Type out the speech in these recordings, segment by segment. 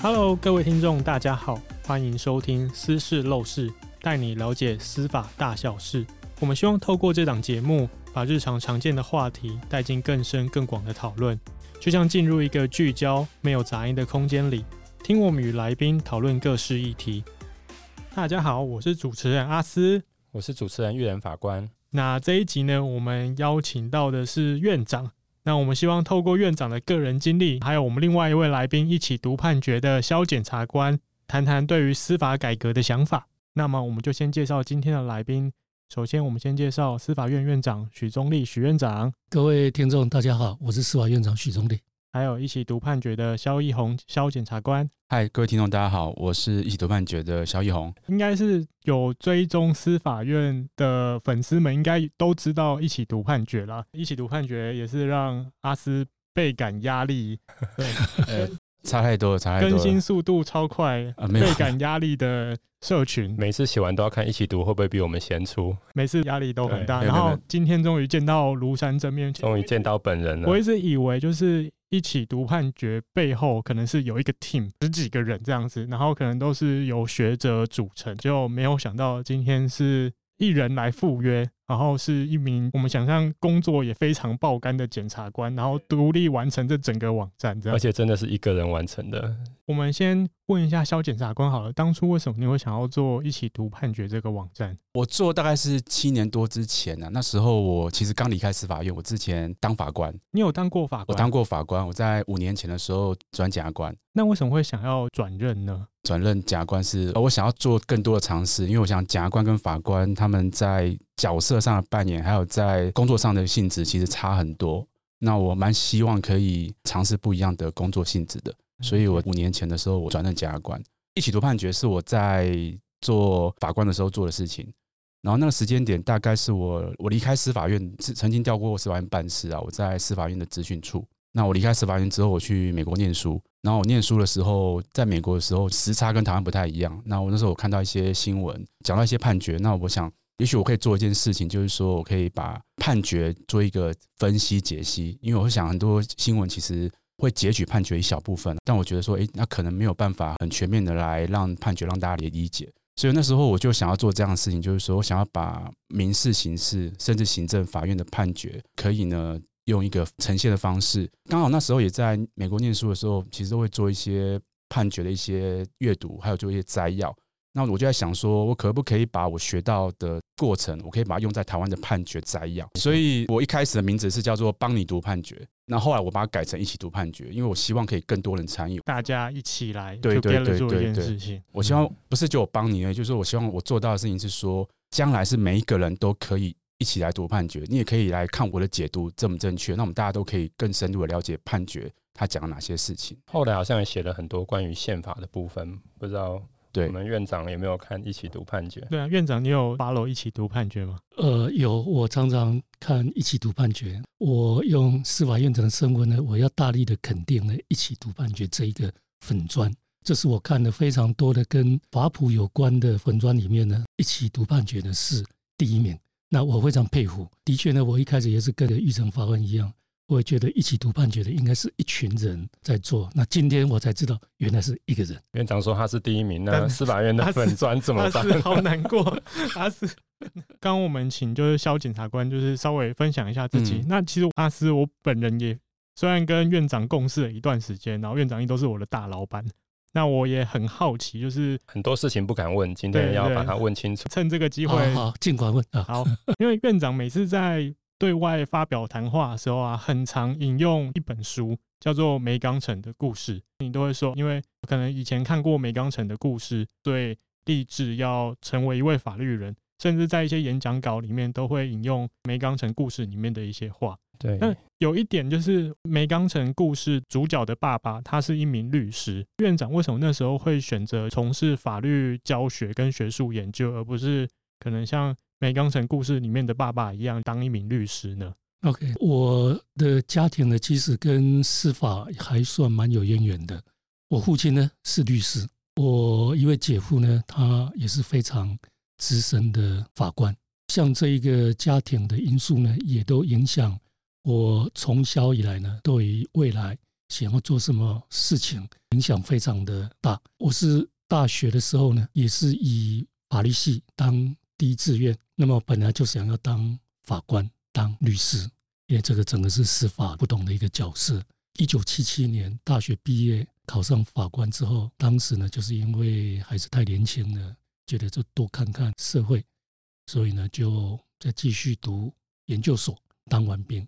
Hello，各位聽眾，大家好，歡迎收聽《司事 Law 室》，帶你了解司法大小事。我們希望透過這檔節目，把日常常見的話題帶進更深更廣的討論，就像進入一個聚焦、沒有雜音的空間裡，聽我們與來賓討論各式議題。大家好，我是主持人阿斯，我是主持人育人法官。那這一集呢，我們邀請到的是院長。那我們希望透過院長的個人經歷，還有我們另外一位來賓一起讀判決的蕭檢察官，談談對於司法改革的想法。那麼我們就先介紹今天的來賓。首先，我們先介紹司法院院長許宗力，許院長。各位聽眾，大家好，我是司法院長許宗力。還有一起讀判決的蕭義宏，蕭檢察官。嗨，各位聽眾，大家好，我是一起讀判決的蕭義宏。應該是有追蹤司法院的粉絲們，應該都知道一起讀判決啦。一起讀判決也是讓阿斯倍感壓力對 差，差太多了，差太多，更新速度超快、啊、倍感壓力的社群。每次寫完都要看一起讀會不會比我們先出，每次壓力都很大。對然後今天終於見到廬山真面目，終於對見到本人了。我一直以為就是。一起讀判決背後，可能是有一個 team 十幾個人這樣子，然後可能都是由學者組成，就沒有想到今天是一人來赴約。然後是一名我們想象工作也非常爆肝的檢察官，然後獨立完成這整個網站，而且真的是一個人完成的。我們先問一下肖檢察官好了，當初為什麼你會想要做一起讀判決這個網站？我做大概是七年多之前呢、啊，那時候我其實剛離開司法院，我之前當法官，你有當過法官？我當過法官，我在五年前的時候轉檢察官。那為什麼會想要轉任呢？轉任檢察官是呃，我想要做更多的嘗試，因為我想檢察官跟法官他們在。角色上的扮演，還有在工作上的性質，其實差很多。那我蠻希望可以嘗試不一樣的工作性質的。所以我五年前的時候，我轉任檢察官，一起讀判決是我在做法官的時候做的事情。然後那個時間點，大概是我我離開司法院，曾曾經調過司法院辦事啊。我在司法院的資訊處。那我離開司法院之後，我去美國念書。然後我念書的時候，在美國的時候時差跟台灣不太一樣。那我那時候我看到一些新聞，講到一些判決。那我想。也許我可以做一件事情，就是說我可以把判決做一個分析解析，因為我會想很多新聞其實會截取判決一小部分，但我覺得說，哎，那可能沒有辦法很全面的來讓判決讓大家也理解，所以那時候我就想要做這樣的事情，就是說我想要把民事、刑事甚至行政法院的判決，可以呢用一個呈現的方式。剛好那時候也在美國念書的時候，其實都會做一些判決的一些閱讀，還有做一些摘要。那我就在想，說我可不可以把我學到的過程，我可以把它用在台灣的判決摘要。所以我一開始的名字是叫做“幫你讀判決”，那後來我把它改成“一起讀判決”，因為我希望可以更多人參與，大家一起來對對對對這事情。我希望不是就我幫你而已，就是我希望我做到的事情是說，將來是每一個人都可以一起來讀判決，你也可以來看我的解讀正不正確。那我們大家都可以更深入的了解判決他講了哪些事情。後來好像也寫了很多關於憲法的部分，不知道。我們院長有沒有看一起讀判決？對啊，院長，你有 follow 一起讀判決嗎？呃，有，我常常看一起讀判決。我用司法院長的身份呢，我要大力的肯定呢，一起讀判決這一個粉專，這是我看了非常多的跟法普有關的粉專裡面呢，一起讀判決的是第一名。那我非常佩服。的確呢，我一開始也是跟着玉成法官一樣。我覺得一起讀判決的應該是一群人在做，那今天我才知道，原來是一個人。院長說他是第一名那、啊、但 司法院的粉專、啊、是 怎麼辦、啊啊、是好難過，阿斯。剛我們請就是蕭檢察官，就是稍微分享一下自己。嗯、那其實阿思，我本人也雖然跟院長共事了一段時間，然後院長也都是我的大老闆，那我也很好奇，就是很多事情不敢問，今天對對對要把它問清楚。趁這個機會，好，好，儘管問啊。好，因為院長每次在。對外發表談話的時候啊，很常引用一本書，叫做《梅岡城的故事》。你都會說，因為可能以前看過《梅岡城的故事》，所以立志要成為一位法律人，甚至在一些演講稿裡面都會引用《梅岡城故事》裡面的一些話。對，那有一點就是，《梅岡城故事》主角的爸爸他是一名律師。院長，為什麼那時候會選擇從事法律教學跟學術研究，而不是可能像？梅岡城故事裡面的爸爸一樣當一名律師呢？OK，我的家庭呢其實跟司法還算蠻有淵源的。我父親呢是律師，我一位姐夫呢他也是非常資深的法官。像這一個家庭的因素呢，也都影響我從小以來呢，對於未來想要做什麼事情影響非常的大。我是大學的時候呢，也是以法律系當第一志願。那麼本來就想要當法官，當律師，因為這個整個是司法不同的一個角色。一九七七年大學畢業，考上法官之後，當時呢就是因為還是太年輕了，覺得就多看看社會，所以呢就再繼續讀研究所，當完兵，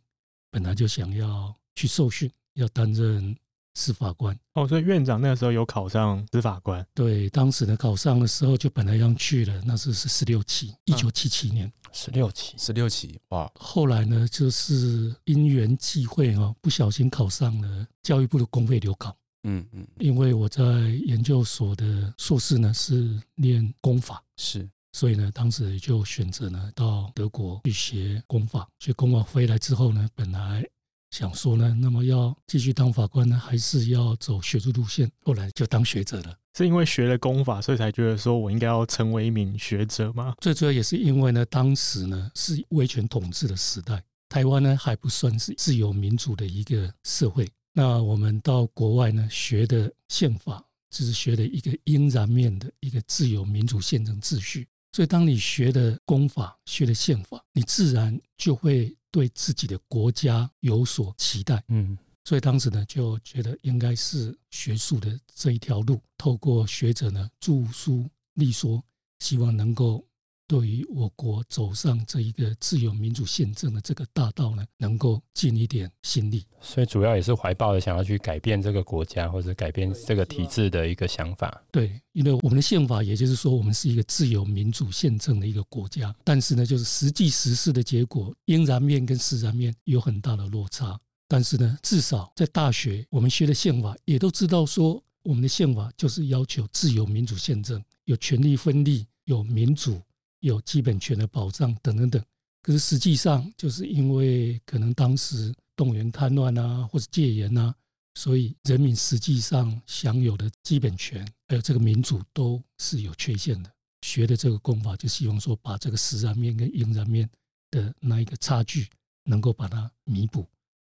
本來就想要去受訓，要擔任。司法官哦，所以院長那個時候有考上司法官。對，當時呢，考上的時候就本來要去了，那時是是十六期，一九七七年，十六期，十六是期。哇！後來呢，就是因緣際會哦，不小心考上了教育部的公費留考，嗯嗯，因為我在研究所的碩士呢是念公法，是，所以呢，當時就選擇了到德國去學公法，學公法回來之後呢，本來。想說呢，那麼要繼續當法官呢，還是要走學術路線？後來就當學者了。是因為學了公法，所以才覺得說我應該要成為一名學者嗎？最主要也是因為呢，當時呢是威權統治的時代，台灣呢還不算是自由民主的一個社會。那我們到國外呢學的憲法，只、就是學的一個應然面的一個自由民主憲政秩序。所以當你學的公法、學的憲法，你自然就會。對自己的國家有所期待，嗯，所以當時呢，就覺得應該是學術的這一條路，透過學者呢著書立說，希望能夠。對於我國走上這一個自由民主憲政的這個大道呢，能夠盡一點心力，所以主要也是懷抱著，想要去改變這個國家或者改變這個體制的一個想法。對，因為我們的憲法，也就是說我們是一個自由民主憲政的一個國家，但是呢，就是實際實施的結果，應然面跟實然面有很大的落差。但是呢，至少在大學我們學的憲法也都知道說，我們的憲法就是要求自由民主憲政，有權力分立，有民主。有基本權的保障等等等，可是實際上就是因為可能當時動員戡亂啊，或者戒嚴啊，所以人民實際上享有的基本權，還有這個民主都是有缺陷的。學的這個公法，就希望說把這個實然面跟應然面的那一個差距，能夠把它彌補。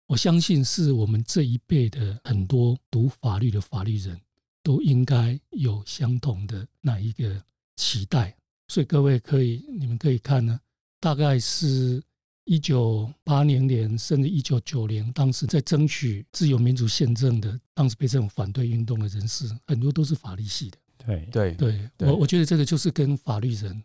我相信是我們這一輩的很多讀法律的法律人都應該有相同的那一個期待。所以各位可以，你們可以看呢、啊，大概是一九八零年，年甚至一九九零，當時在爭取自由民主憲政的，當時被這種反對運動的人士很多都是法律系的。對對對，我我覺得這個就是跟法律人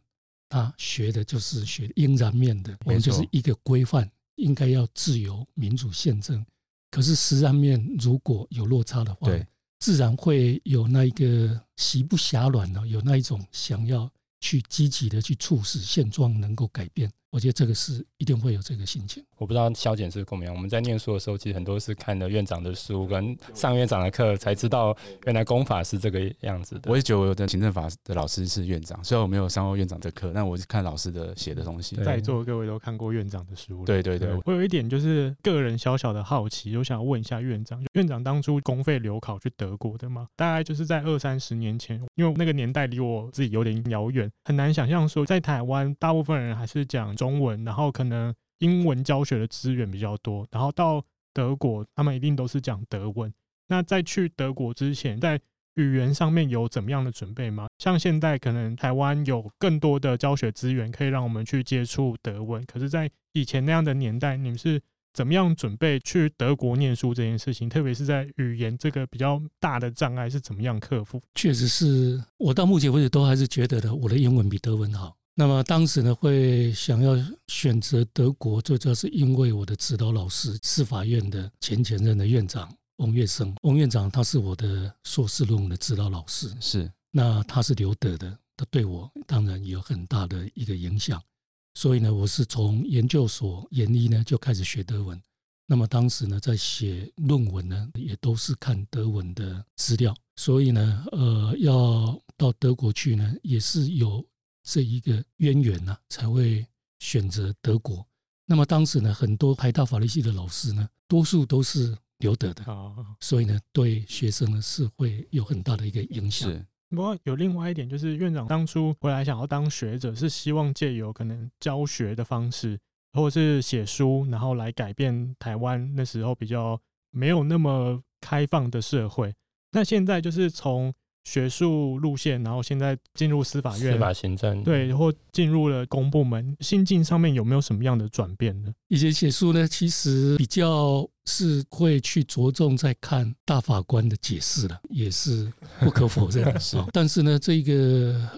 他學的，就是學的應然面的，我們就是一個規範應該要自由民主憲政，可是實然面如果有落差的話，對，自然會有那一個席不暇暖有那一種想要。去積極的去促使現狀能夠改變。我覺得這個是一定會有這個心情。我不知道蕭檢是怎麼樣，我們在唸書的時候，其實很多是看了院長的書，跟上院長的課，才知道原來公法是這個樣子的。我也覺得我的行政法的老師是院長，雖然我沒有上過院長的課，但我是看老師的寫的東西。在座各位都看過院長的書。對對對，對。我，我有一點就是個人小小的好奇，我想問一下院長：院長當初公費留考去德國的嗎？大概就是在二三十年前，因為那個年代離我自己有點遙遠，很難想象說在台灣，大部分人還是講。中文，然後可能英文教學的資源比較多。然後到德國，他們一定都是講德文。那在去德國之前，在語言上面有怎麼樣的準備嗎？像現在可能台灣有更多的教學資源可以讓我們去接觸德文，可是，在以前那樣的年代，你們是怎麼樣準備去德國念書這件事情？特別是在語言這個比較大的障礙是怎麼樣克服？確實是我到目前為止都還是覺得的，我的英文比德文好。那麼當時呢，會想要選擇德國，最主要是因為我的指導老師，司法院的前前任的院長翁岳生。翁院長他是我的碩士論文的指導老師，是。那他是留德的，他對我當然有很大的一個影響。所以呢，我是從研究所研一呢就開始學德文。那麼當時呢，在寫論文呢，也都是看德文的資料。所以呢，呃，要到德國去呢，也是有。這一個淵源呢、啊，才會選擇德國。那麼當時呢，很多台大法律系的老師呢，多數都是留德的啊，好好好，所以呢，對學生呢是會有很大的一個影響。是不過有另外一點就是，院長當初回來想要當學者，是希望借由可能教學的方式，或者是寫書，然後來改變台灣那時候比較沒有那麼開放的社會。那現在就是從。學術路線，然後現在進入司法院，司法行政，對，然後進入了公部門，心境上面有沒有什麼樣的轉變呢？一些寫書呢，其實比較是會去着重在看大法官的解釋的，也是不可否認 的是、哦、但是呢，這個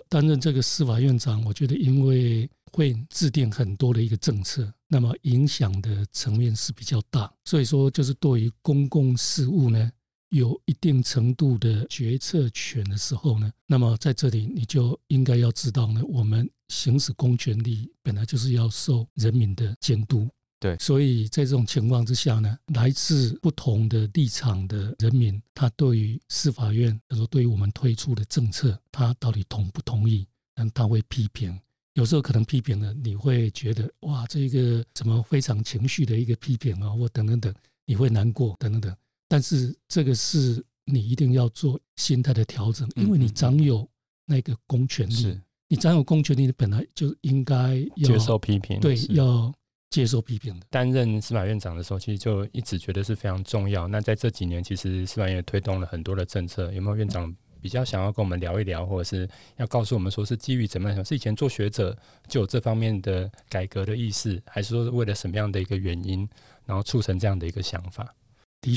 擔任這個司法院長，我覺得因為會制定很多的一個政策，那麼影響的層面是比較大，所以說就是對於公共事務呢。有一定程度的決策權的時候呢，那麼在這裡你就應該要知道呢，我們行使公權力本來就是要受人民的監督，對，所以在這種情況之下呢，來自不同的立場的人民，他對於司法院，他說對於我們推出的政策，他到底同不同意？但他會批評，有時候可能批評了，你會覺得哇，這個什麼非常情緒的一個批評啊，或等等等，你會難過，等等等。但是這個是你一定要做心態的調整，因為你掌有那個公權力，嗯嗯嗯，你掌有公權力，你本來就應該要接受批評，對，要接受批評的。擔任司法院長的時候，其實就一直覺得是非常重要。那在這幾年，其實司法院也推動了很多的政策，有沒有院長比較想要跟我們聊一聊，或者是要告訴我們，說是基於怎麼樣想？是以前做學者就有這方面的改革的意識，還是說是為了什麼樣的一個原因，然後促成這樣的一個想法？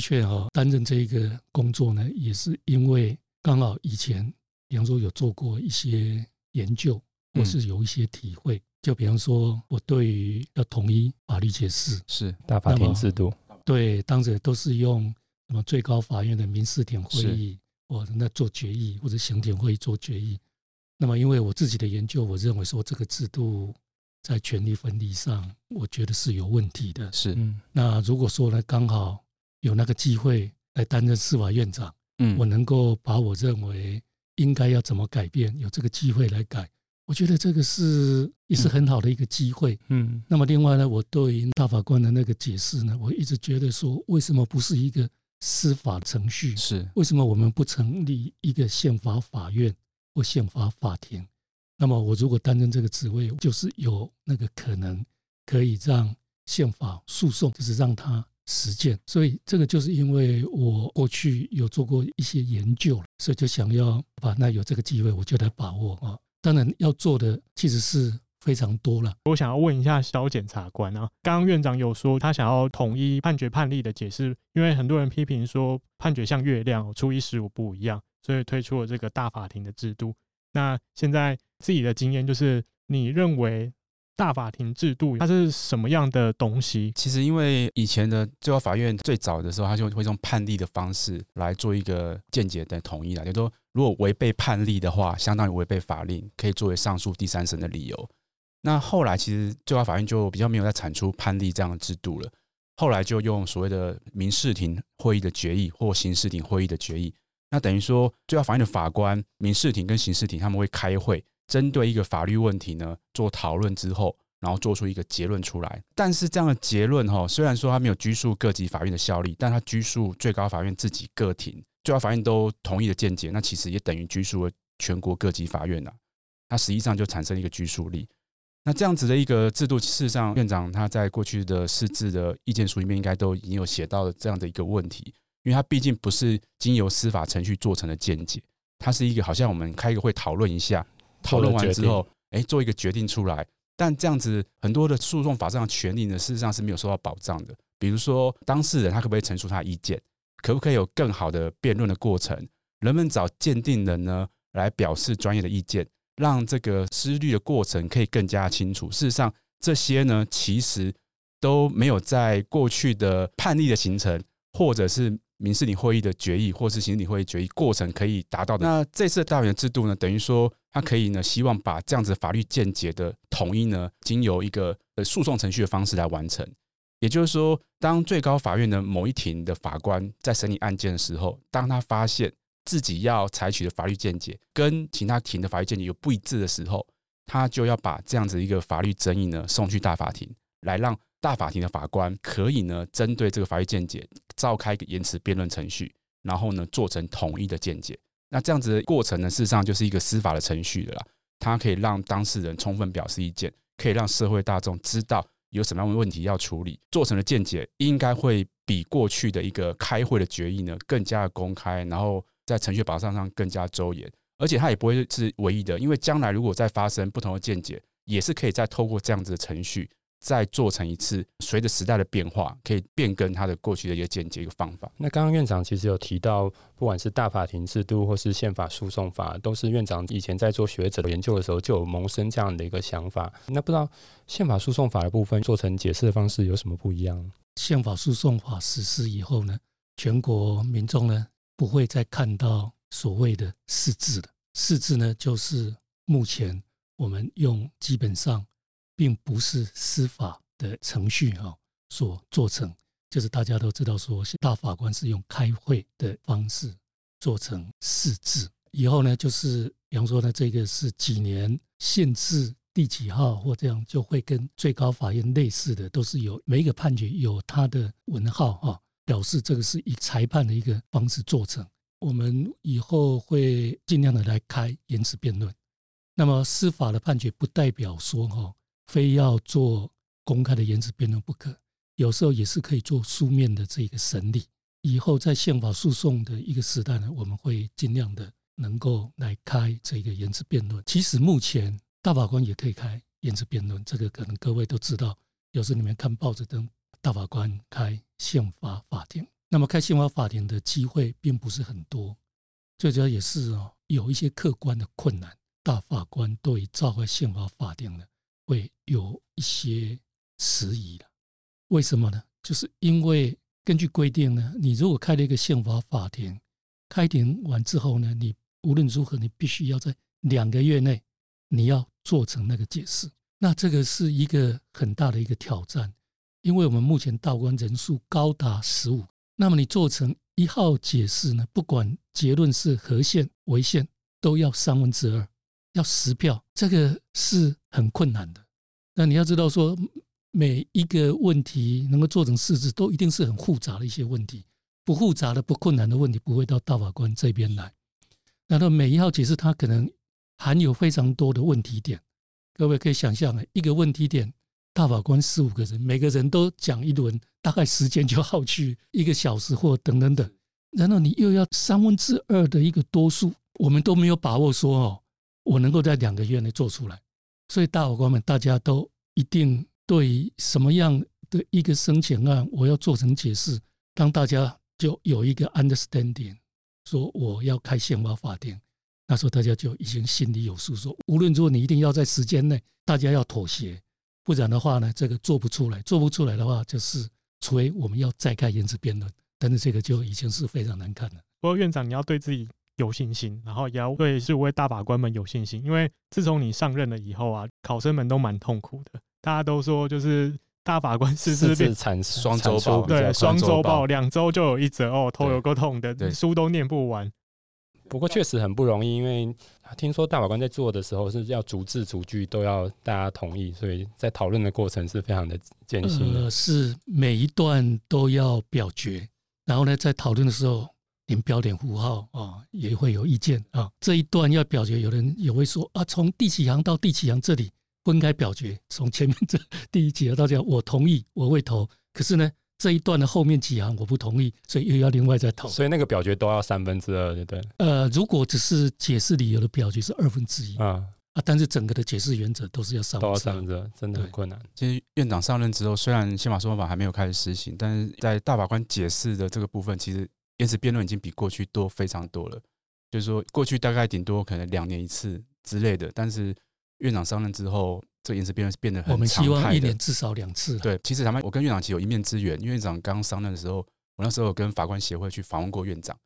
的確哈、哦，擔任這個工作呢，也是因為剛好以前比方說有做過一些研究，我是有一些體會。嗯、就比方說，我對於要統一法律解釋，是大法庭制度，對當時都是用什麼最高法院的民事庭會議，我那是做決議，或者刑庭會議做決議。那麼，因為我自己的研究，我認為說這個制度在權力分立上，我覺得是有問題的。是、嗯，那如果說呢，剛好。有那個機會來擔任司法院長，嗯，我能夠把我認為應該要怎麼改變，有這個機會來改，我覺得這個是也是很好的一個機會，嗯。那麼另外呢，我對大法官的那個解釋呢，我一直覺得說，為什麼不是一個司法程序？是？為什麼我們不成立一個憲法法院或憲法法庭？那麼我如果擔任這個職位，就是有那個可能可以讓憲法訴訟，就是讓他。實踐，所以這個就是因為我過去有做過一些研究，所以就想要把那，有這個機會我就來把握啊。當然要做的其實是非常多了。我想要問一下小檢察官啊，剛剛院長有說他想要統一判決判例的解釋，因為很多人批評說判決像月亮、哦、初一十五不一樣，所以推出了這個大法庭的制度。那現在自己的經驗就是，你認為？大法庭制度它是什麼樣的東西？其實因為以前的最高法院最早的時候，它就會用判例的方式來做一個見解的統一了。就說如果違背判例的話，相當於違背法令，可以作為上訴第三審的理由。那後來其實最高法院就比較沒有再產出判例這樣的制度了。後來就用所謂的民事庭會議的決議或刑事庭會議的決議。那等於說最高法院的法官民事庭跟刑事庭他們會開會。針對一個法律問題呢，做討論之後，然後做出一個結論出來。但是這樣的結論哈、哦，雖然說他沒有拘束各級法院的效力，但他拘束最高法院自己個庭，最高法院都同意的見解，那其實也等於拘束了全國各級法院吶。那實際上就產生一個拘束力。那這樣子的一個制度，事實上院長他在過去的釋字的意見書裡面，應該都已經有寫到的這樣的一個問題，因為他畢竟不是經由司法程序做成的見解，它是一個好像我們開一個會討論一下。討論完之後，哎、欸，做一個決定出來。但這樣子，很多的訴訟法上權利呢，事實上是沒有受到保障的。比如說，當事人他可不可以陳述他的意見？可不可以有更好的辯論的過程？人們找鑑定人呢，來表示專業的意見，讓這個失律的過程可以更加清楚。事實上，這些呢，其實都沒有在過去的判例的形成，或者是民事理會議的決議，或是行政理會議的決議過程可以達到的。那這次大元制度呢，等於說。他可以呢，希望把這樣子法律見解的統一呢，經由一個呃訴訟程序的方式來完成。也就是說，當最高法院的某一庭的法官在審理案件的時候，當他發現自己要採取的法律見解跟其他庭的法律見解有不一致的時候，他就要把這樣子一個法律爭議呢送去大法庭，來讓大法庭的法官可以呢針對這個法律見解召開一個言詞辯論程序，然後呢做成統一的見解。那這樣子的過程呢，事實上就是一個司法的程序的啦。它可以讓當事人充分表示意見，可以讓社會大眾知道有什麼樣的問題要處理。做成的見解，應該會比過去的一個開會的決議呢更加的公開，然後在程序保障上更加周延。而且它也不會是唯一的，因為將來如果再發生不同的見解，也是可以再透過這樣子的程序。再做成一次，隨着時代的變化，可以變更它的過去的一個簡潔一個方法。那剛剛院長其實有提到，不管是大法庭制度或是憲法訴訟法，都是院長以前在做學者研究的時候就有萌生這樣的一個想法。那不知道憲法訴訟法的部分做成解釋的方式有什麼不一樣？憲法訴訟法實施以後呢，全國民眾呢不會再看到所謂的釋字了。釋字呢，就是目前我們用基本上。並不是司法的程序哈所做成，就是大家都知道說，大法官是用開會的方式做成釋字。以後呢，就是比方說呢，這個是幾年憲判字第幾號或這樣，就會跟最高法院類似的，都是有每一個判決有它的文號哈，表示這個是以裁判的一個方式做成。我們以後會盡量的來開言詞辯論。那麼司法的判決不代表說哈，非要做公開的言詞辯論不可，有時候也是可以做書面的這個審理。以後在憲法訴訟的一個時代呢，我們會儘量的能夠來開這個言詞辯論。其實目前大法官也可以開言詞辯論，這個可能各位都知道。有時你們看報紙登，大法官開憲法法庭，那麼開憲法法庭的機會並不是很多，最主要也是哦有一些客觀的困難。大法官都已召開憲法法庭了，會有一些遲疑了，為什麼呢？就是因為根據規定呢，你如果開了一個憲法法庭，開庭完之後呢，你無論如何，你必須要在兩個月內，你要做成那個解釋。那這個是一個很大的一個挑戰，因為我們目前大法官人數高達十五，那麼你做成一號解釋呢，不管結論是合憲違憲，都要三分之二，要十票，這個是很困難的。那你要知道，說每一個問題能夠做成釋字，都一定是很複雜的一些問題。不複雜的、不困難的問題，不會到大法官這邊來。然後每一號解釋，它可能含有非常多的問題點。各位可以想象，哎，一個問題點，大法官四五個人，每個人都講一輪，大概時間就耗去一個小時或等等等。然後你又要三分之二的一個多數，我們都沒有把握說哦，我能夠在兩個月內做出來。所以大法官們，大家都一定對於什麼樣的一個申請案，我要做成解釋，當大家就有一個 understanding，說我要開憲法法庭，那時候大家就已經心裡有數，說無論如果你一定要在時間內，大家要妥協，不然的話呢，這個做不出來，做不出來的話，就是除非我們要再開言詞辯論，但是這個就已經是非常難看了。不過院長，你要對自己有信心，然後也要對是五位大法官們有信心，因為自從你上任了以後啊，考生們都蠻痛苦的。大家都說，就是大法官是，是次是，雙週報，對雙週報兩周就有一則哦，對頭有夠痛的，書都念不完。不過確實很不容易，因為聽說大法官在做的時候是要逐字逐句都要大家同意，所以在討論的過程是非常的艱辛的、呃。是每一段都要表決，然後呢，在討論的時候。標點符號啊、哦，也會有意見啊。這一段要表決，有人也會說啊，從第幾行到第幾行這裡分開表決。從前面這第一幾行到這裡我同意，我會投。可是呢，這一段的後面幾行我不同意，所以又要另外再投。所以那個表決都要三分之二，就對了。呃，如果只是解釋理由的表決是二分之一啊啊，但是整個的解釋原則都是要三分之二，多少三分之二，真的很困難。其實對院長上任之後，雖然憲法訴訟法還沒有開始施行，但是在大法官解釋的這個部分，其實。言詞辯論已經比過去多非常多了，就是說過去大概頂多可能兩年一次之類的，但是院長上任之後，這言詞辯論是變得很常態的。我們希望一年至少兩次啊。對，其實咱們我跟院長其實有一面之緣，院長剛上任的時候，我那時候有跟法官協會去訪問過院長。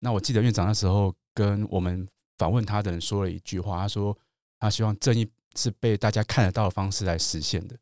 那我記得院長那時候跟我們訪問他的人說了一句話，他說他希望正義是被大家看得到的方式來實現的，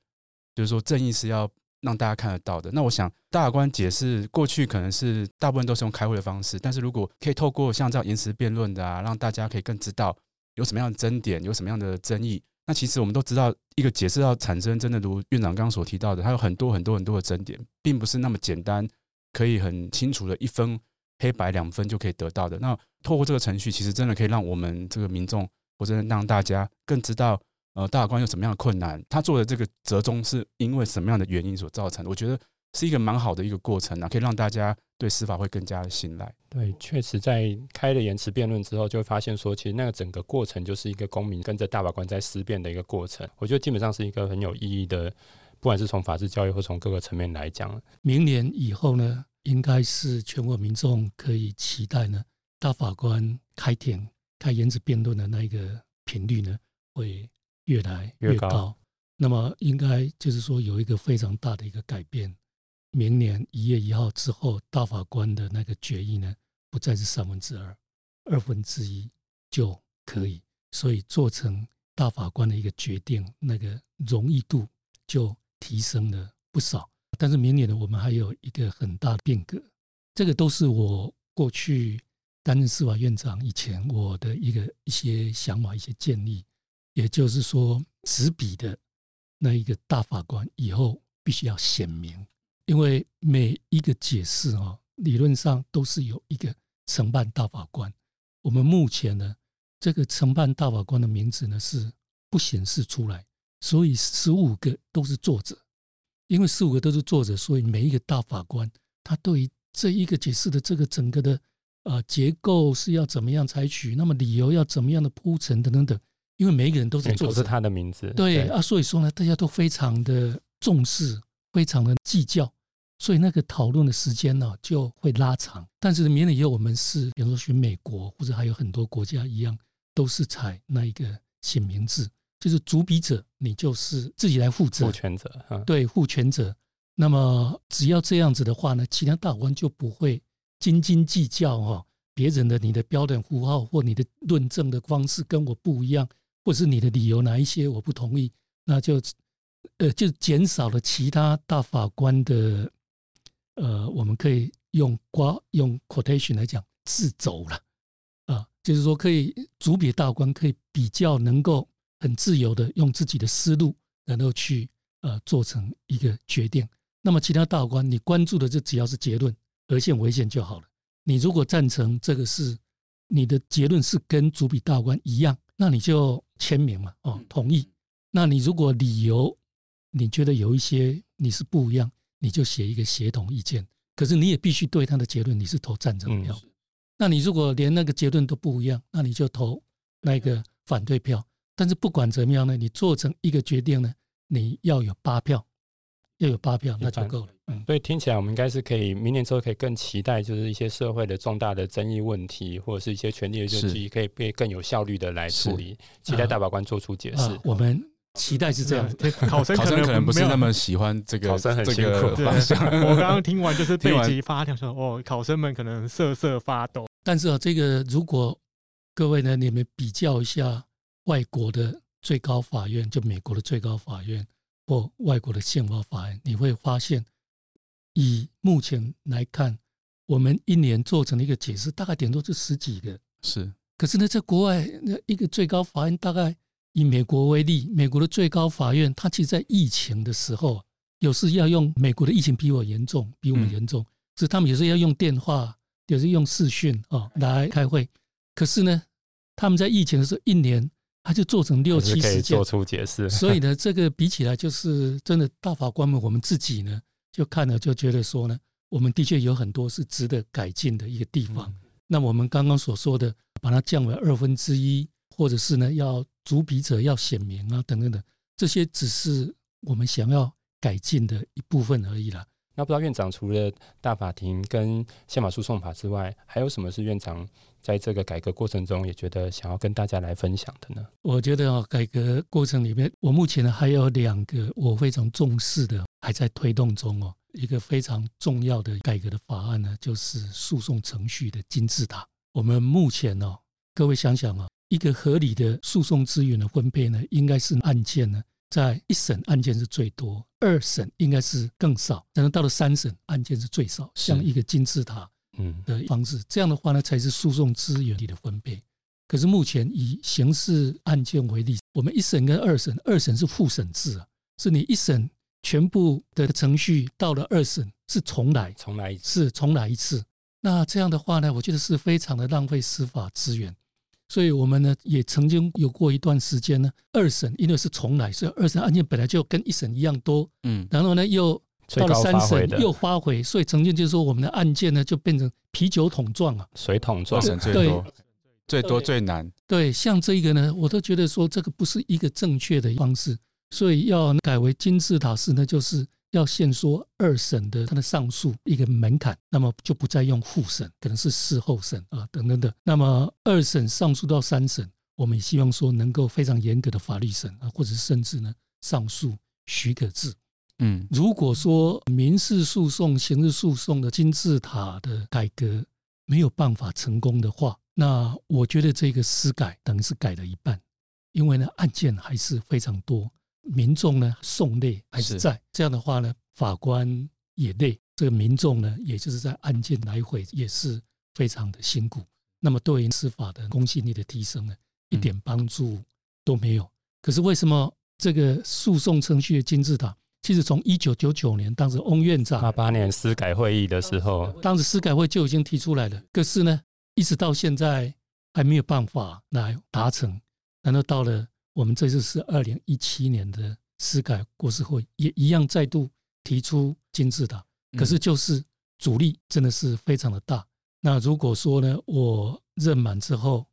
就是說正義是要。讓大家看得到的。那我想，大觀解釋過去可能是大部分都是用開會的方式，但是如果可以透過像這樣言詞辯論的啊，讓大家可以更知道有什麼樣的爭點，有什麼樣的爭議。那其實我們都知道，一個解釋要產生，真的如院長剛剛所提到的，它有很多很多很多的爭點，並不是那麼簡單可以很清楚的一分黑白兩分就可以得到的。那透過這個程序，其實真的可以讓我們這個民眾，或者讓大家更知道。呃，大法官有什麼樣的困難？他做的這個折中是因為什麼樣的原因所造成的？我覺得是一個蠻好的一個過程呢、啊，可以讓大家對司法會更加的信賴。對，確實在開了言詞辯論之後，就會發現說，其實那個整個過程就是一個公民跟着大法官在思辨的一個過程。我覺得基本上是一個很有意義的，不管是從法治教育或從各個層面來講。明年以後呢，應該是全國民眾可以期待呢，大法官開庭開言詞辯論的那一個頻率呢會。越來越高，越高 那麼應該就是說有一個非常大的一個改變，明年一月一號之後，大法官的那個決議呢，不再是三分之二，二分之一就可以，嗯、所以做成大法官的一個決定，那個容易度就提升了不少。但是明年呢，我們還有一個很大的變革，這個都是我過去擔任司法院長以前我的一個一些想法一些建議。也就是說，執筆的那一個大法官以後必須要顯名，因為每一個解釋啊、哦，理論上都是有一個承辦大法官。我們目前呢，這個承辦大法官的名字呢是不顯示出來，所以十五個都是作者。因為十五個都是作者，所以每一個大法官他對於這一個解釋的這個整個的啊、呃、結構是要怎麼樣採取，那麼理由要怎麼樣的鋪陳等等等。因為每一個人都在做，是他的名字。對啊，所以說呢，大家都非常的重視，非常的計較，所以那個討論的時間呢、啊、就會拉長。但是明年以後，我們是比如說選美國或者還有很多國家一樣，都是採那一個寫名字，就是主筆者，你就是自己來負責。負全責，對，負全責。那麼只要這樣子的話呢，其他大法官就不會斤斤計較哈，別人的你的標點符號或你的論證的方式跟我不一樣。或是你的理由哪一些我不同意，那就呃就減少了其他大法官的呃，我們可以用“瓜”用 quotation 來講自走了啊，就是說可以主筆大官可以比較能夠很自由的用自己的思路，然後去呃做成一個決定。那麼其他大官，你關注的就只要是結論，合憲違憲就好了。你如果贊成這個是你的結論，是跟主筆大官一樣。那你就簽名嘛，哦，同意。那你如果理由你覺得有一些你是不一樣，你就寫一個協同意見。可是你也必須對他的結論你是投贊成票。嗯、那你如果連那個結論都不一樣，那你就投那個反對票。但是不管怎麼樣呢，你做成一個決定呢，你要有八票。又有八票，那就夠了。般嗯，所以聽起來我們應該是可以，明年之後可以更期待，就是一些社會的重大的爭議問題，或者是一些權利的救濟，可以被更有效率的來處理。是期待大法官做出解釋。啊啊。我們期待是這樣是。考生考生可能不是那麼喜歡這個考生很這個方向。我剛剛聽完就是背脊發涼完說哦，考生們可能瑟瑟發抖。但是啊，這個如果各位呢，你們比較一下外國的最高法院，就美國的最高法院。或外國的憲法法院，你會發現，以目前來看，我們一年做成的一個解釋，大概頂多就十幾個。是，可是呢，在國外那一個最高法院，大概以美國為例，美國的最高法院，它其實在疫情的時候，有時要用美國的疫情比我嚴重，比我們嚴重，嗯、是他們有時要用電話，有時用視訊哦，來開會。可是呢，他們在疫情的時候一年。他就做成六七十件，所以呢，這個比起來就是真的大法官們，我們自己呢就看了就覺得說呢，我們的確有很多是值得改進的一個地方。嗯、那我們剛剛所說的，把它降為二分之一，或者是呢要主筆者要顯名啊，等等等，等，這些只是我們想要改進的一部分而已了。那不知道院長除了大法庭跟憲法訴訟法之外，還有什麼是院長在這個改革過程中也覺得想要跟大家來分享的呢？我覺得哦，改革過程裡面，我目前呢，還有兩個我非常重視的還在推動中哦，一個非常重要的改革的法案呢，就是訴訟程序的金字塔。我們目前哦，各位想想啊，一個合理的訴訟資源的分配呢，應該是案件呢。在一審案件是最多，二審應該是更少，然後到了三審案件是最少，是像一個金字塔嗯的方式，嗯、這樣的話呢才是訴訟資源裡的分配。可是目前以刑事案件為例，我們一審跟二審，二審是覆審制啊，是你一審全部的程序到了二審是重來，重來一次，重來一次。那這樣的話呢，我覺得是非常的浪費司法資源。所以，我們呢也曾經有過一段時間呢，二審因為是重來，所以二審案件本來就跟一審一樣多。嗯，然後呢又到了三審又發回，發揮。所以曾經就是說我們的案件呢就變成啤酒桶狀啊，水桶狀，對，最多最難。對，像這一個呢，我都覺得說，這個不是一個正確的方式，所以要改為金字塔式呢，就是。要限縮二審的他的上訴一個門檻，那麼就不再用複審，可能是事後審啊，等等的。那麼二審上訴到三審，我們也希望說能夠非常嚴格的法律審啊，或者是甚至呢上訴許可制。嗯，如果說民事訴訟、刑事訴訟的金字塔的改革沒有辦法成功的話，那我覺得這個司改等於是改了一半，因為呢案件還是非常多。民眾呢，送累，還是在，是這樣的話呢，法官也累，這個民眾呢，也就是在案件來回也是非常的辛苦。那麼對於司法的公信力的提升呢，一點幫助都沒有。嗯、可是為什麼這個訴訟程序的金字塔，其實從一九九九年當時翁院長八八年司改會議的時候，當時司改會就已經提出來了，可是呢，一直到現在還沒有辦法來達成。然後到了，我們這次是二零一七年的司改國是會也一樣再度提出金字塔，可是就是阻力真的是非常的大。那如果說呢，我任滿之後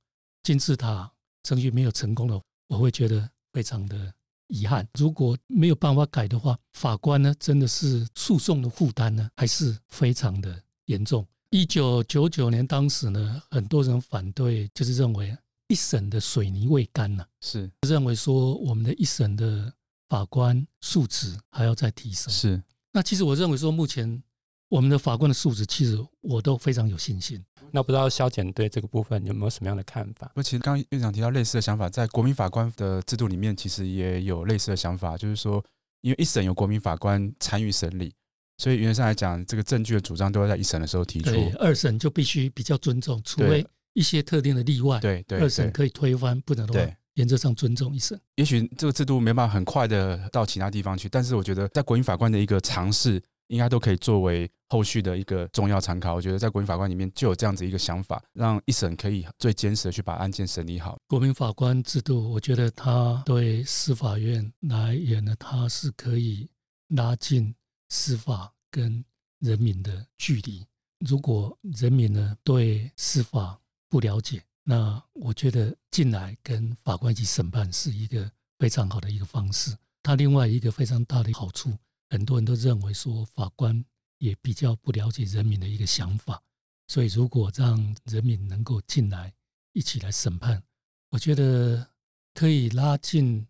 金字塔程序沒有成功了，我會覺得非常的遺憾。如果沒有辦法改的話，法官呢真的是訴訟的負擔呢，還是非常的嚴重。一九九九年當時呢，很多人反對，就是認為。一審的水泥未乾呢，是我認為說我們的一審的法官素質還要再提升。是，那其實我認為說，目前我們的法官的素質，其實我都非常有信心。是 那不知道肖檢對這個部分有沒有什麼樣的看法？那其實剛院長提到類似的想法，在國民法官的制度裡面，其實也有類似的想法，就是說，因為一審有國民法官參與審理，所以原則上來講，這個證據的主張都要在一審的時候提出，對，二審就必須比較尊重，除非。一些特定的例外，對對，對對，二審可以推翻，不能推翻。對對，原則上尊重一審。也許這個制度沒辦法很快的到其他地方去，但是我覺得在國民法官的一個嘗試，應該都可以作為後續的一個重要參考。我覺得在國民法官裡面就有這樣子一個想法，讓一審可以最堅實的去把案件審理好。國民法官制度，我覺得它對司法院來言呢，它是可以拉近司法跟人民的距離。如果人民呢對司法不了解，那我覺得進來跟法官一起審判是一個非常好的一個方式。它，另外一個非常大的好處，很多人都認為說法官也比較不了解人民的一個想法。所以如果讓人民能夠進來一起來審判，我覺得可以拉近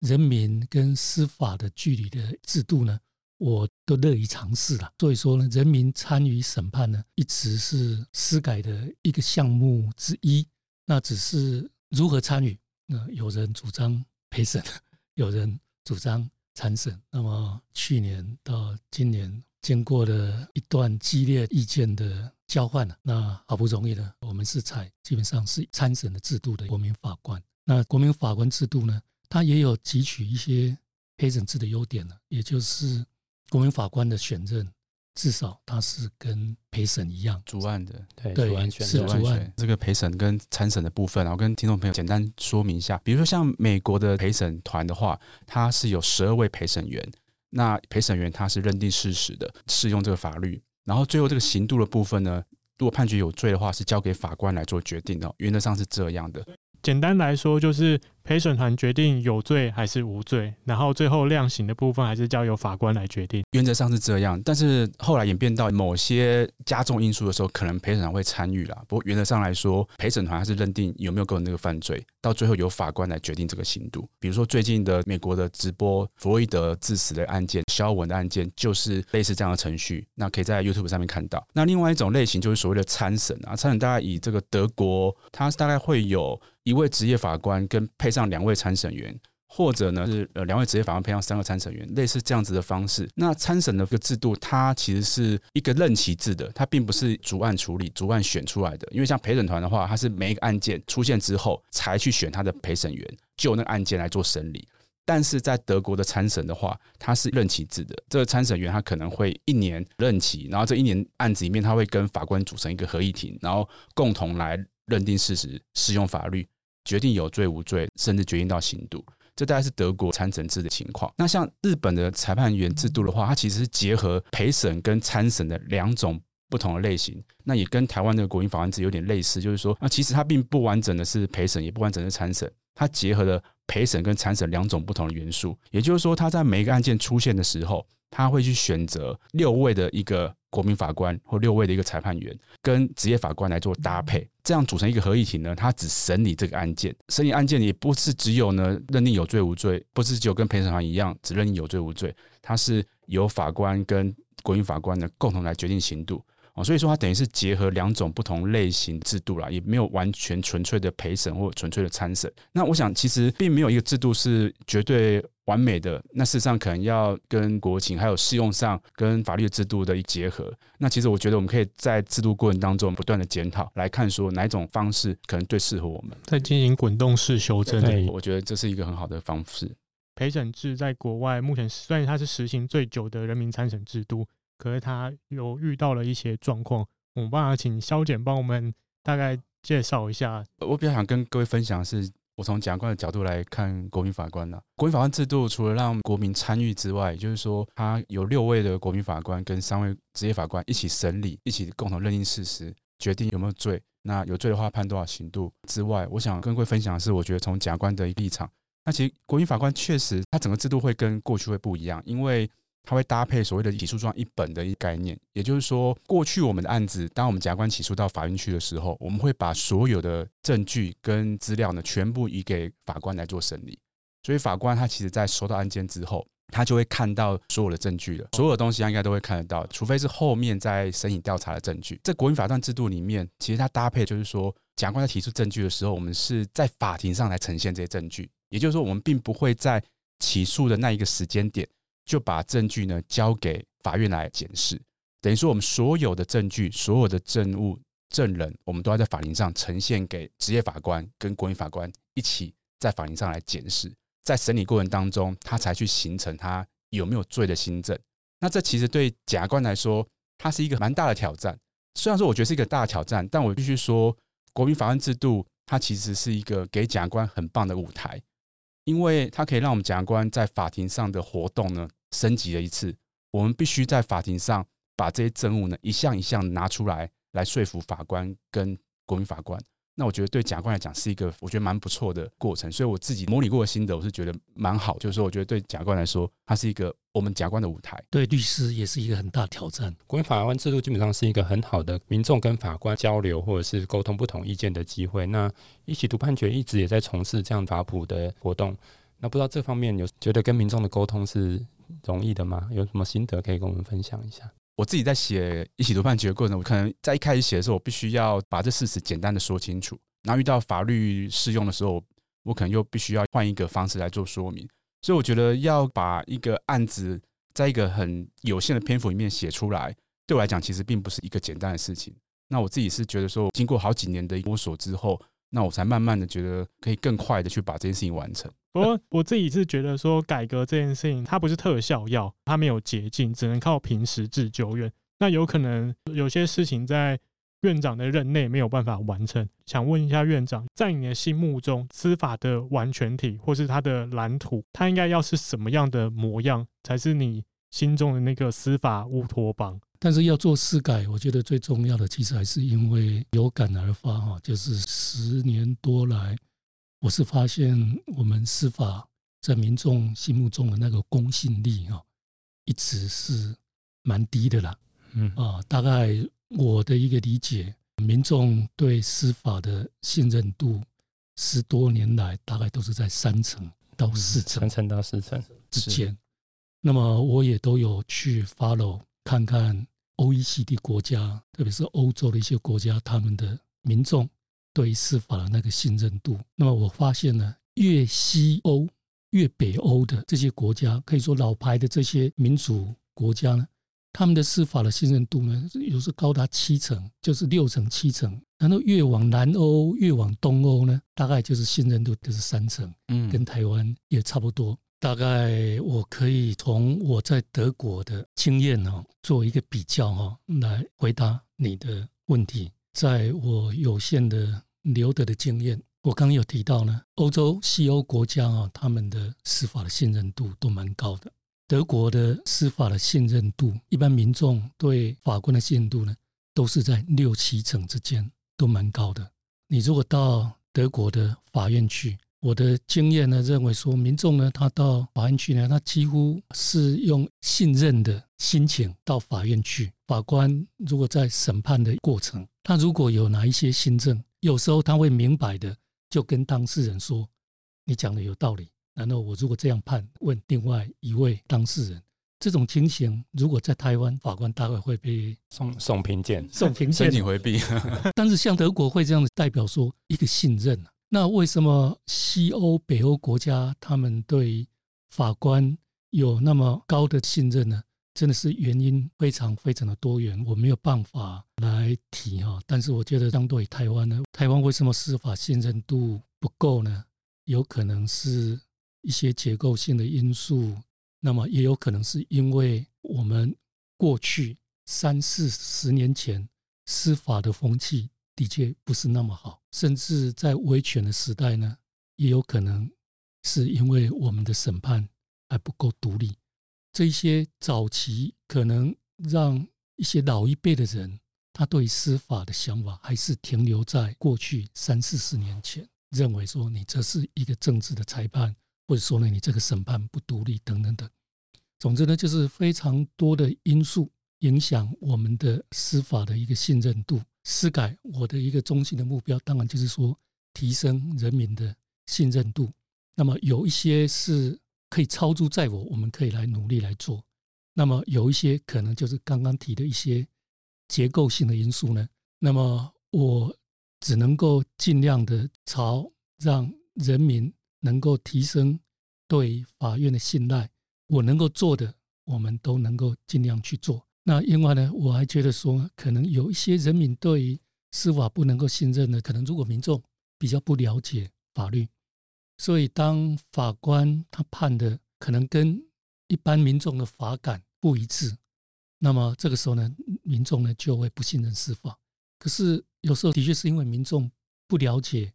人民跟司法的距離的制度呢，我都樂於嘗試了，所以說呢，人民參與審判呢，一直是司改的一個項目之一。那只是如何參與？那有人主張陪審，有人主張參審。那麼去年到今年，經過了一段激烈意見的交換，那好不容易呢，我們是採基本上是參審的制度的國民法官。那國民法官制度呢，它也有汲取一些陪審制的優點，也就是。國民法官的選任，至少他是跟陪審一樣主案的，對對，主案的是主案。這個陪審跟參審的部分，我跟聽眾朋友簡單說明一下。比如說像美國的陪審團的話，他是有十二位陪審員，那陪審員他是認定事實的，適用這個法律，然後最後這個刑度的部分呢，如果判決有罪的話，是交給法官來做決定的。原則上是這樣的。簡單來說就是。陪審團決定有罪還是無罪，然後最後量刑的部分還是交由法官來決定。原則上是這樣，但是後來演變到某些加重因素的時候，可能陪審團會參與了。不過原則上來說，陪審團還是認定有沒有構成那個犯罪。到最後由法官來決定這個刑度，比如說最近的美國的直播弗洛伊德致死的案件，肖文的案件，就是類似這樣的程序。那可以在 YouTube 上面看到。那另外一種類型就是所謂的參審啊，參審大概以這個德國，它大概會有一位職業法官跟配上兩位參審員。或者呢是呃兩位職業法官配上三個參審員，類似這樣子的方式。那參審的個制度，它其實是一個任期制的，它並不是逐案處理、逐案選出來的。因為像陪審團的話，它是每一個案件出現之後才去選他的陪審員，就那個案件來做審理。但是在德國的參審的話，它是任期制的。這個參審員他可能會一年任期，然後這一年案子裡面，他會跟法官組成一個合議庭，然後共同來認定事實、適用法律、決定有罪無罪，甚至決定到刑度。這大概是德國參審制的情況。那像日本的裁判員制度的話，它其實是結合陪審跟參審的兩種不同的類型。那也跟台灣的國民法官制有點類似，就是說，那其實它並不完整的是陪審，也不完整的是參審，它結合了陪審跟參審兩種不同的元素。也就是說，它在每一個案件出現的時候，他會去選擇六位的一個。國民法官或六位的一個裁判員跟職業法官來做搭配，這樣組成一個合議庭呢，他只審理這個案件，審理案件也不是只有呢認定有罪無罪，不是只有跟陪審團一樣只認定有罪無罪，他是由法官跟國民法官呢共同來決定刑度。哦，所以說它等於是結合兩種不同類型制度啦，也沒有完全純粹的陪審或純粹的參審。那我想，其實並沒有一個制度是絕對完美的。那事實上，可能要跟國情還有適用上跟法律制度的一結合。那其實，我覺得我們可以在制度過程當中不斷的檢討，來看說哪種方式可能最適合我們，在進行滾動式修正。對對對。我覺得這是一個很好的方式。陪審制在國外目前雖然它是實行最久的人民參審制度，可是他有遇到了一些狀況，我幫他請蕭檢幫我們大概介紹一下。我比較想跟各位分享的是，我從檢察官的角度來看國民法官呢、啊，國民法官制度除了讓國民參與之外，就是說他有六位的國民法官跟三位職業法官一起審理，一起共同認定事實，決定有沒有罪。那有罪的話判多少刑度之外，我想跟各位分享的是，我覺得從檢察官的立場，那其實國民法官確實他整個制度會跟過去會不一樣，因為，它會搭配所謂的起訴狀一本的一個概念，也就是說，過去我們的案子，當我們檢察官起訴到法院去的時候，我們會把所有的證據跟資料呢，全部移給法官來做審理。所以，法官他其實在收到案件之後，他就會看到所有的證據了，所有的東西應該都會看得到，除非是後面在聲請調查的證據。在國民法官制度裡面，其實它搭配就是說，檢察官在提出證據的時候，我們是在法庭上來呈現這些證據，也就是說，我們並不會在起訴的那一個時間點。就把證據呢，交給法院來檢視，等於說我們所有的證據、所有的證物、證人，我們都要在法庭上呈現給職業法官跟國民法官一起在法庭上來檢視，在審理過程當中，他才去形成他有沒有罪的心證。那這其實對檢察官來說，它是一個蠻大的挑戰。雖然說我覺得是一個大的挑戰，但我必須說，國民法官制度它其實是一個給檢察官很棒的舞台。因為它可以讓我們檢察官在法庭上的活動呢升級了一次，我們必須在法庭上把這些證物呢一項一項拿出來來說服法官跟國民法官。那我覺得對法官來講是一個，我覺得蠻不錯的過程。所以我自己模擬過的心得，我是覺得蠻好。就是說，我覺得對法官來說，它是一個我們法官的舞台，對律師也是一個很大挑戰。國民法官制度基本上是一個很好的民眾跟法官交流或者是溝通不同意見的機會。那一起讀判決一直也在從事這樣法普的活動。那不知道這方面有覺得跟民眾的溝通是容易的嗎？有什麼心得可以跟我們分享一下？我自己在寫一起讀判決的過程，我可能在一開始寫的時候，我必須要把這事實簡單的說清楚，然後遇到法律適用的時候，我可能又必須要換一個方式來做說明。所以我覺得要把一個案子在一個很有限的篇幅裡面寫出來，對我來講其實並不是一個簡單的事情。那我自己是覺得說，經過好幾年的摸索之後。那我才慢慢的覺得可以更快的去把這件事情完成。不過我自己是覺得說，改革這件事情，它不是特效藥，它沒有捷徑，只能靠平時治久遠。那有可能有些事情在院長的任內沒有辦法完成。想問一下院長，在你的心目中，司法的完全體或是它的藍圖，它應該要是什麼樣的模樣，才是你心中的那個司法烏托邦？但是要做司改，我覺得最重要的其實還是因為有感而發哈，就是十年多來，我是發現我們司法在民眾心目中的那個公信力哈，一直是蠻低的啦。嗯啊，大概我的一個理解，民眾對司法的信任度，十多年來大概都是在三成到四成，三成到四成之間。那麼我也都有去 follow 看看。OECD 國家，特別是歐洲的一些國家，他們的民眾對司法的那個信任度，那麼我發現呢，越西歐、越北歐的這些國家，可以說老牌的這些民主國家呢，他們的司法的信任度呢，有時高達七成，就是六成、七成，然後越往南歐、越往東歐呢，大概就是信任度就是三成，嗯，跟台灣也差不多。嗯大概我可以從我在德國的經驗呢，做一個比較哈，來回答你的問題。在我有限的留德的經驗，我剛剛有提到呢，歐洲西歐國家啊，他們的司法的信任度都蠻高的。德國的司法的信任度，一般民眾對法官的信任度呢，都是在六七成之間，都蠻高的。你如果到德國的法院去。我的經驗呢，認為說民眾呢，他到法院去呢，他幾乎是用信任的心情到法院去。法官如果在審判的過程，他如果有哪一些心證，有時候他會明白的就跟當事人說：“你講的有道理。”然後我如果這樣判，問另外一位當事人，這種情形如果在台灣，法官大概會，會被送送評鑑、送評鑑申請回避。 但是像德國會這樣子代表說，一個信任、啊那為什麼西歐、北歐國家他們對法官有那麼高的信任呢？真的是原因非常非常的多元，我沒有辦法來提齁。但是我覺得，相對於台灣呢，台灣為什麼司法信任度不夠呢？有可能是一些結構性的因素，那麼也有可能是因為我們過去三四十年前司法的風氣。的確不是那麼好，甚至在威權的時代呢，也有可能是因為我們的審判還不夠獨立。這一些早期可能讓一些老一輩的人，他對司法的想法還是停留在過去三四十年前，認為說你這是一個政治的裁判，或者說呢，你這個審判不獨立等等等。總之呢，就是非常多的因素影響我們的司法的一個信任度。司改我的一個中心的目標，當然就是說提升人民的信任度。那麼有一些是可以操之在我，我們可以來努力來做；那麼有一些可能就是剛剛提的一些結構性的因素呢。那麼我只能夠盡量的朝讓人民能夠提升對法院的信賴。我能夠做的，我們都能夠盡量去做。那另外呢，我還覺得說，可能有一些人民對於司法不能夠信任的，可能如果民眾比較不了解法律，所以當法官他判的可能跟一般民眾的法感不一致，那麼這個時候呢，民眾呢就會不信任司法。可是有時候的確是因為民眾不了解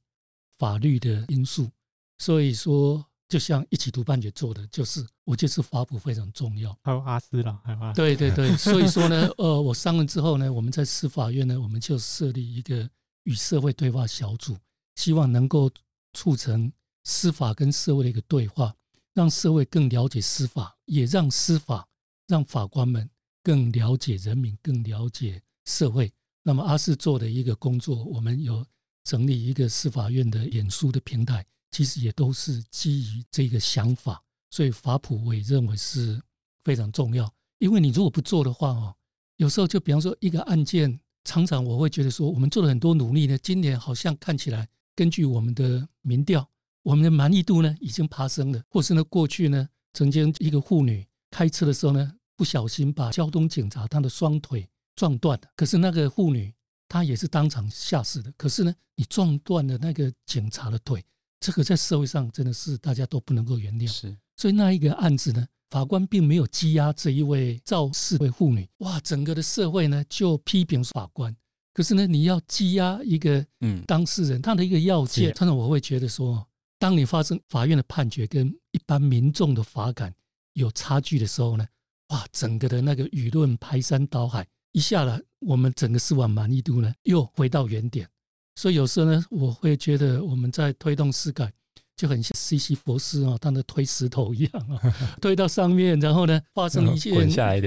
法律的因素，所以說。就像一起讀判決做的，就是我這次發佈非常重要。還有阿斯了，對對對，所以說呢，呃，我上任之後呢，我們在司法院呢，我們就設立一個與社會對話小組，希望能夠促成司法跟社會的一個對話，讓社會更了解司法，也讓司法讓法官們更了解人民，更了解社會。那麼阿斯做的一個工作，我們有整理一個司法院的演出的平台。其實也都是基於這個想法，所以法普我也認為是非常重要。因為你如果不做的話，哦，有時候就比方說一個案件，常常我會覺得說，我們做了很多努力呢。今年好像看起來，根據我們的民調，我們的滿意度呢已經爬升了。或是呢，過去呢，曾經一個婦女開車的時候呢，不小心把交通警察他的雙腿撞斷了。可是那個婦女她也是當場嚇死的。可是呢，你撞斷了那個警察的腿。這個在社會上真的是大家都不能夠原諒，是。所以那一個案子呢，法官並沒有羈押這一位肇事的婦女，哇，整個的社會呢就批評法官。可是呢，你要羈押一個嗯當事人，嗯、他的一個要件，通是常我會覺得說，當你發生法院的判決跟一般民眾的法感有差距的時候呢，哇，整個的那個輿論排山倒海，一下了，我們整個司法滿意度呢又回到原點。所以有時候呢，我會覺得我們在推動司改，就很像西西佛斯啊，他他推石頭一樣啊、喔， 推到上面，然後呢發生一些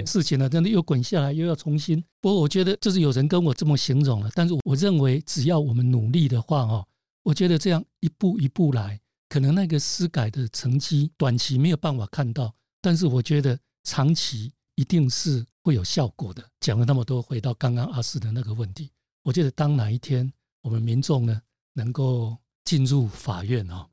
事情呢、啊，真的又滾下來，又要重新。不過我覺得就是有人跟我這麼形容了，但是我認為只要我們努力的話哦、喔，我覺得這樣一步一步來，可能那個司改的成績短期沒有辦法看到，但是我覺得長期一定是會有效果的。講了那麼多，回到剛剛阿四的那個問題，我覺得當哪一天。我們民眾呢，能夠進入法院哦，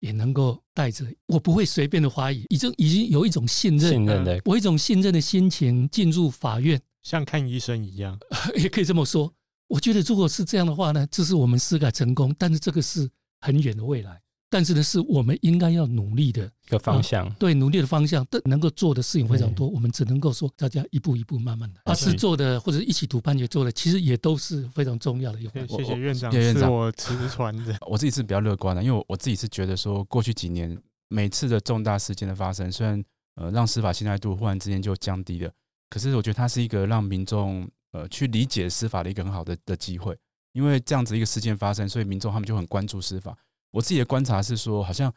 也能夠帶着我不會隨便的懷疑，已經已經有一種信任信任的，我一種信任的心情進入法院，像看醫生一樣，也可以這麼說。我覺得如果是這樣的話呢，這是我們司改成功，但是這個是很遠的未來。但是呢，是我們應該要努力的一個方向，對，努力的方向，都能夠做的事情非常多。對 我們只能夠說，大家一步一步，慢慢的。啊，是做的，或者一起讀判決也做的，其實也都是非常重要的一塊。謝謝院長，是我直傳的我。謝謝我,的 我自己是比較樂觀的，因為我自己是覺得說，過去幾年每次的重大事件的發生，雖然呃讓司法信賴度忽然之間就降低了，可是我覺得它是一個讓民眾呃去理解司法的一個很好的的機會。因為這樣子一個事件發生，所以民眾他們就很關注司法。我自己的觀察是說，好像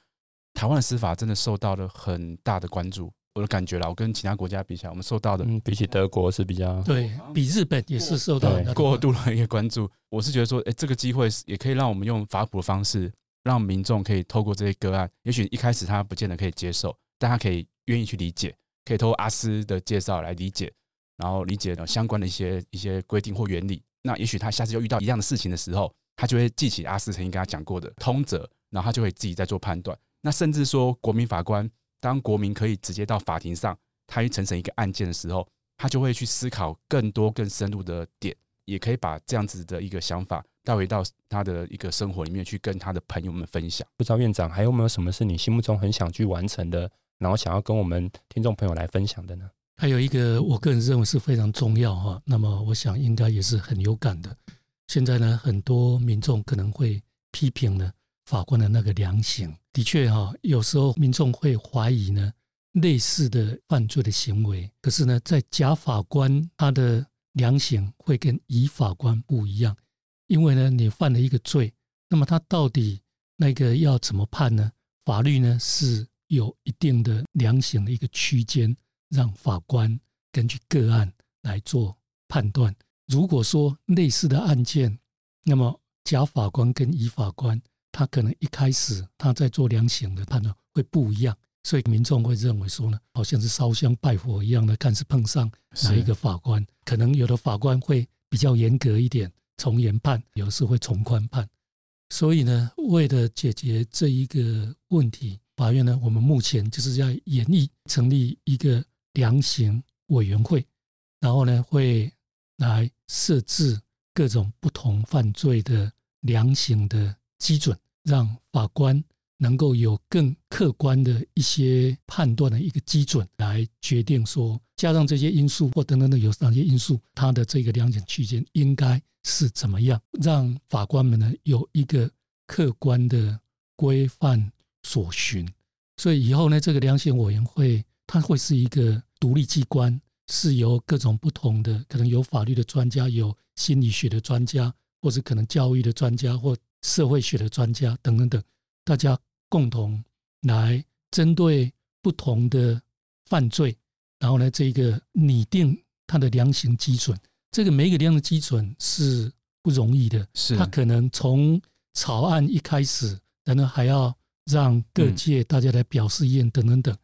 台灣的司法真的受到了很大的關注。我的感覺啦，我跟其他國家比起來，我們受到的，比起德國是比較，對比日本也是受到了過度的一個關注。我是覺得說，哎，這個機會也可以讓我們用法普的方式，讓民眾可以透過這些個案，也許一開始他不見得可以接受，但他可以願意去理解，可以透過阿斯的介紹來理解，然後理解相關的一些一些規定或原理。那也許他下次又遇到一樣的事情的時候。他就會記起阿斯曾經跟他講過的通則，然後他就會自己再做判斷。那甚至說，國民法官當國民可以直接到法庭上，他一層層一個案件的時候，他就會去思考更多、更深入的點，也可以把這樣子的一個想法帶回到他的一個生活裡面去，跟他的朋友們分享。不知道院長還有沒有什麼是你心目中很想去完成的，然後想要跟我們聽眾朋友來分享的呢？還有一個，我個人認為是非常重要哈、啊。那麼我想應該也是很有感的。現在呢，很多民眾可能會批評呢法官，的那個量刑。的確哈、哦，有時候民眾會懷疑呢類似的犯罪的行為。可是呢，在甲法官他的量刑會跟乙法官不一樣，因為呢你犯了一個罪，那麼他到底那個要怎麼判呢？法律呢是有一定的量刑的一個區間，讓法官根據個案來做判斷。如果說類似的案件，那麼甲法官跟乙法官，他可能一開始他在做量刑的判斷會不一樣，所以民眾會認為說呢，好像是燒香拜佛一樣的，看是碰上哪一個法官，是可能有的法官會比較嚴格一點，從嚴判，有的時候會從寬判。所以呢，為了解決這一個問題，法院呢，我們目前就是要研議成立一個量刑委員會，然後呢會。來設置各種不同犯罪的量刑的基準，讓法官能夠有更客觀的一些判斷的一個基準，來決定說，加上這些因素或等等的有哪些因素，它的這個量刑區間應該是怎麼樣，讓法官們呢有一個客觀的規範所循。所以以後呢，這個量刑委員會它會是一個獨立機關。是由各種不同的，可能有法律的專家、有心理學的專家，或是可能教育的專家或社會學的專家等等等，大家共同來針對不同的犯罪，然後呢，這個擬定它的量刑基準。是這個每一個量刑基準是不容易的，是它可能從草案一開始，然後還要讓各界大家來表示意見等等等。嗯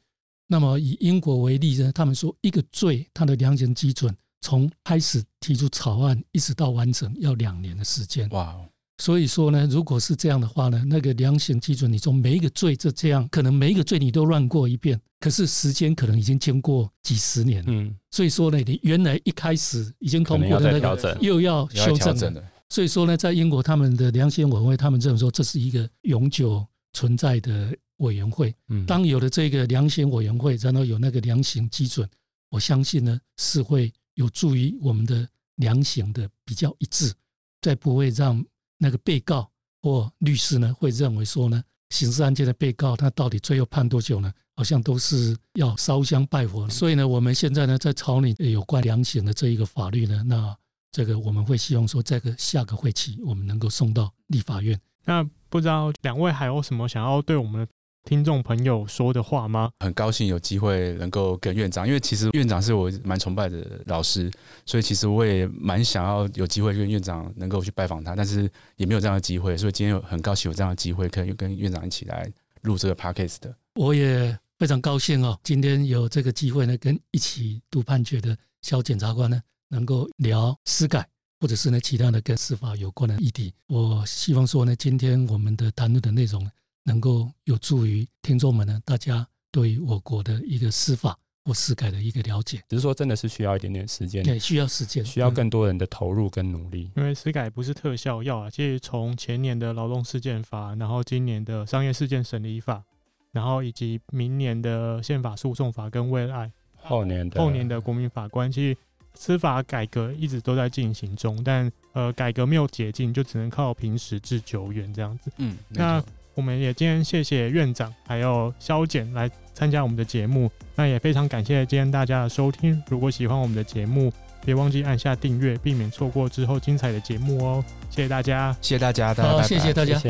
那麼以英國為例呢，他們說一個罪，它的量刑基準從開始提出草案一直到完成要兩年的時間。哇，所以說呢，如果是這樣的話呢，那個量刑基準，你從每一個罪這這樣，可能每一個罪你都亂過一遍，可是時間可能已經經過幾十年。嗯，所以說呢，你原來一開始已經通過的那個要調整，又要修正，所以說呢，在英國他們的量刑委員會他們認為說，這是一個永久存在的。委員會，當有了這個量刑委員會，然後有那個量刑基準，我相信呢，是會有助於我們的量刑的比較一致，再不會讓那個被告或律師呢會認為說呢，刑事案件的被告，他到底最後判多久呢？好像都是要燒香拜佛。所以呢，我們現在呢在草擬有關量刑的這一個法律呢，那這個我們會希望說，在個下個會期，我們能夠送到立法院。那不知道兩位還有什麼想要對我們？聽眾朋友說的話嗎？很高興有機會能夠跟院長，因為其實院長是我蠻崇拜的老師，所以其實我也蠻想要有機會跟院長能夠去拜訪他，但是也沒有這樣的機會，所以今天有很高興有這樣的機會，可以跟院長一起來錄這個 Podcast 的。我也非常高興哦，今天有這個機會呢，跟一起讀判決的小檢察官呢，能夠聊司改，或者是呢，其他的跟司法有關的議題。我希望說呢，今天我們的談論的內容，能夠有助於聽眾們呢，大家對我國的一個司法或司改的一個了解，只是說真的是需要一點點時間，對，需要時間，需要更多人的投入跟努力。嗯、因為司改不是特效藥啊，其實從前年的勞動事件法，然後今年的商業事件審理法，然後以及明年的憲法訴訟法跟未來、啊、後年的後年的國民法官，其實司法改革一直都在進行中，但呃，改革沒有捷徑，就只能靠平時至久遠這樣子。嗯，那。我們也今天謝謝院長，還有小編來參加我們的節目。那也非常感謝今天大家的收聽。如果喜歡我們的節目，別忘記按下訂閱，避免錯過之後精彩的節目哦。謝謝大家，謝謝大家，大家拜拜。謝謝大家。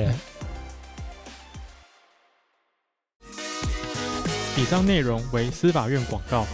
以上內容為司法院廣告。